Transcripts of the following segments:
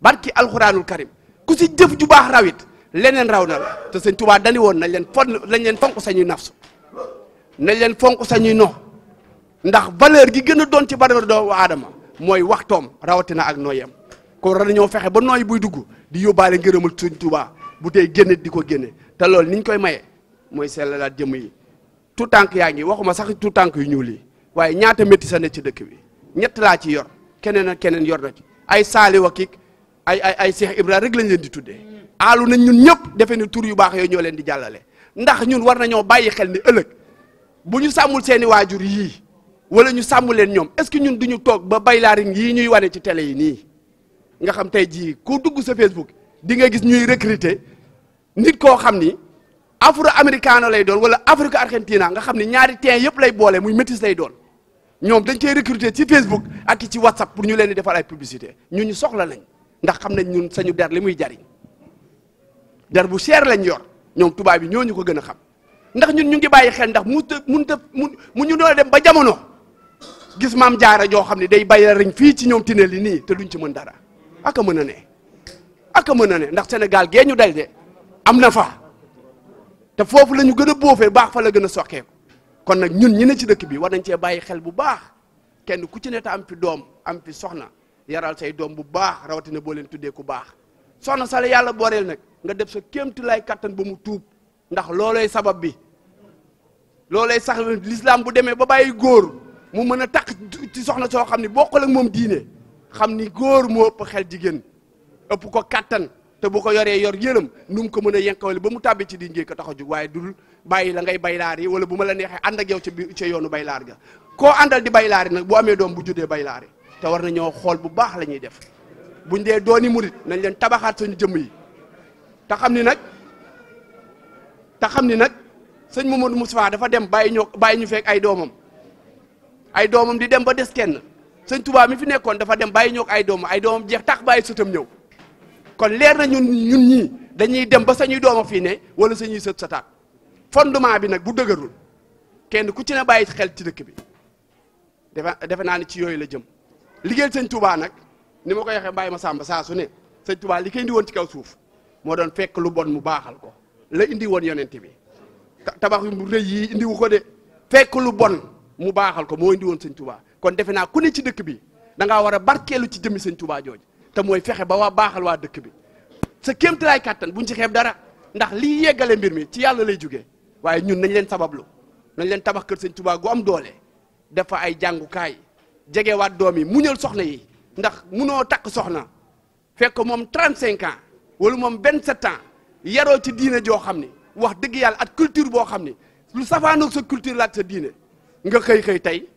barki alxuraanul karim ku si jëf ju baax rawit leneen raw na la te sëñ Tuubaa dani woon nañ leen fon nañ leen fonk sañuy nafsu nañ leen fonk sañuy nox ndax valeur gi gën a doon ci valeur doomu aadama mooy waxtoom rawatina ak nooyam kon war nañoo fexe ba nooy buy dugg di yóbbaale ngërëmul sëñ Tuubaa bu tey génne di ko génne te loolu niñ koy maye mooy sellalaat jëmm yi tout tànk yaa ngi waxuma sax tout tànk yu ñuul yi waaye ñaata métti sa ne ci dëkk bi ñett laa ci yor keneen ak keneen yor na ay saali ay ay ay Cheikh Ibrahima rek lañ leen di tuddee aalu nañ ñun ñëpp defe ni tur yu baax yooyu ñoo leen di jàllale ndax ñun war nañoo bàyyi xel ni ëllëg bu ñu sàmmul seeni waajur yii wala ñu sàmm leen ñoom est-ce que ñun duñu toog ba baylaarin yii ñuy wane ci télé yi nii nga xam tey jii ku dugg sa Facebook di nga gis ñuy recruter nit koo xam ni afro américano lay doon wala afrique argentina nga xam ni ñaari teen yëpp lay boole muy métis lay doon ñoom dañ koy recruter ci Facebook ak ci WhatsApp pour ñu leen di defal ay ñu ñu soxla nañ ndax xam nañ ñun sañu der li muy jariñ der bu cher lañ yor ñoom tubaab yi ñu ko gën a xam ndax ñun ñu ngi bàyyi xel ndax mu munta mu ñu doon dem ba jamono gis maam jaara joo xam ne day bay riñ fii ci ñoom tine li nii te duñ ci mën dara aka mën a ne aka mën na ne ndax Sénégal gee ñu dal de am na fa te foofu lañu gën a boofee baax fa la gën a sokkee kon nag ñun ñi ne ci dëkk bi war nañ cee bàyyi xel bu baax kenn ku ci ne te am fi doom am fi soxna yaral say doom bu baax rawatina boo leen tuddee ku baax soxna sale yàlla booreel nag nga def sa kéemtu lay kàttan ba mu tuub ndax loolooy sabab bi loolooy sax l'islam bu demee ba bàyyi góor mu mën a takk ci soxna soo xam ne bokkul ak moom diine xam ni góor mu ëpp xel jigéen ëpp ko kattan te bu ko yoree yor yëlam nu mu ko mën a yenkawale ba mu tàbbi ci di njëkk ko tax a jug waaye dul bàyyi la ngay baylaar yi wala bu ma la neexee ànd ak yow ca bi ca yoonu baylaar ga koo àndal di baylaar yi nag bu amee doom bu juddee baylaar yi te war na nañoo xool bu baax la ñuy def buñ dee dooni murit nañ leen tabaxaat suñu jëm yi te xam ni nag te xam ni nag sëñ Mamadou Moustapha dafa dem bàyyi ñoo bàyyi ñu fekk ay doomam ay doomam di dem ba des kenn sëñ Touba mi fi nekkoon dafa dem bàyyi ñoo ay doomam ay doomam jeex tax bàyyi sëtam ñëw kon leer na ñun ñun ñii dañuy dem ba sañuy dooma fii ne wala sañuy sët sa taat fondement bi nag bu dëgërul kenn ku ci ne bàyyi xel ci dëkk bi defe defe naa ne ci yooyu la jëm liggéeyal sëñ Touba nag ni ma ko waxee bàyyi ma sàmba saa su ne sëñ Touba li koy indi woon ci kaw suuf moo doon fekk lu bon mu baaxal ko la indi woon yonent bi tabax yu rëy yi indiwu ko de fekk lu bon mu baaxal ko moo indi woon sëñ Touba kon defe naa ku ne ci dëkk bi da war a barkeelu ci jëmmi sañ Touba jooju te mooy fexe ba waa baaxal waa dëkk bi sa kéemtalaay kàttan buñ ci xeeb dara ndax lii yeggale mbir mi ci yàlla lay jóge waaye ñun nañ leen sabablu nañ leen tabax kër sëñ Touba gu am doole ay jàngukaay jegewaat doom yi muñël soxna yi ndax munoo takk soxna fekk moom 35 ans wala moom 27 ans yaroo ci diine joo xam ni wax dëgg yàlla at culture boo xam ni lu safaanoog sa culture la ak sa diine nga xëy xëy tey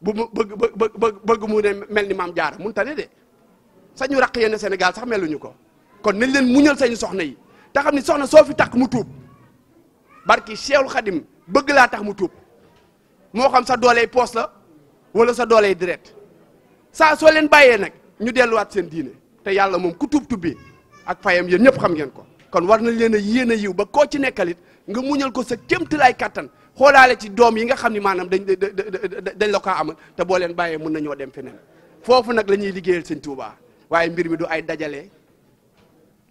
bu mu bëgg bëgg mu ne mel ni maam jaara mun tane de sañu raq yenn Sénégal sax meluñu ko kon nañ leen muñël sañu soxna yi te xam ni soxna soo fi takk mu tuub barki Cheikhul Khadim bëgg laa tax mu tuub moo xam sa dooley poos la. wala sa dooley direct saa soo leen bàyyee nag ñu delluwaat seen diine te yàlla moom ku tuub tubbee ak fayam yéen ñëpp xam ngeen ko kon war nañ leen a yéen a yiw ba koo ci nekkalit nga muñal ko sa kéemtalaay kattan xoolaale ci doom yi nga xam ni maanaam dañ dañ la ko amal te boo leen bàyyee mun nañoo dem feneen foofu nag la ñuy liggéeyal sëñ Tuubaa waaye mbir mi du ay dajale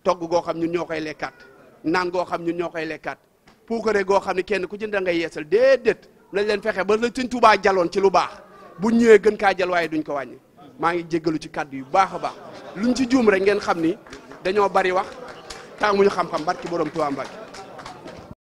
togg goo xam ñun ñoo koy lekkaat naan goo xam ñun ñoo koy lekkaat puukare goo xam ne kenn ku ci da ngay yeesal déedéet nañ leen fexe ba la sëñ jaloon ci lu baax bu ñëwee gën kaa jël waaye duñ ko wàññi maa ngi jéggalu ci kàddu yu baax a baax luñ ci juum rek ngeen xam ni dañoo bari wax taamuñu xam-xam barki borom Tuubaa Mbàkke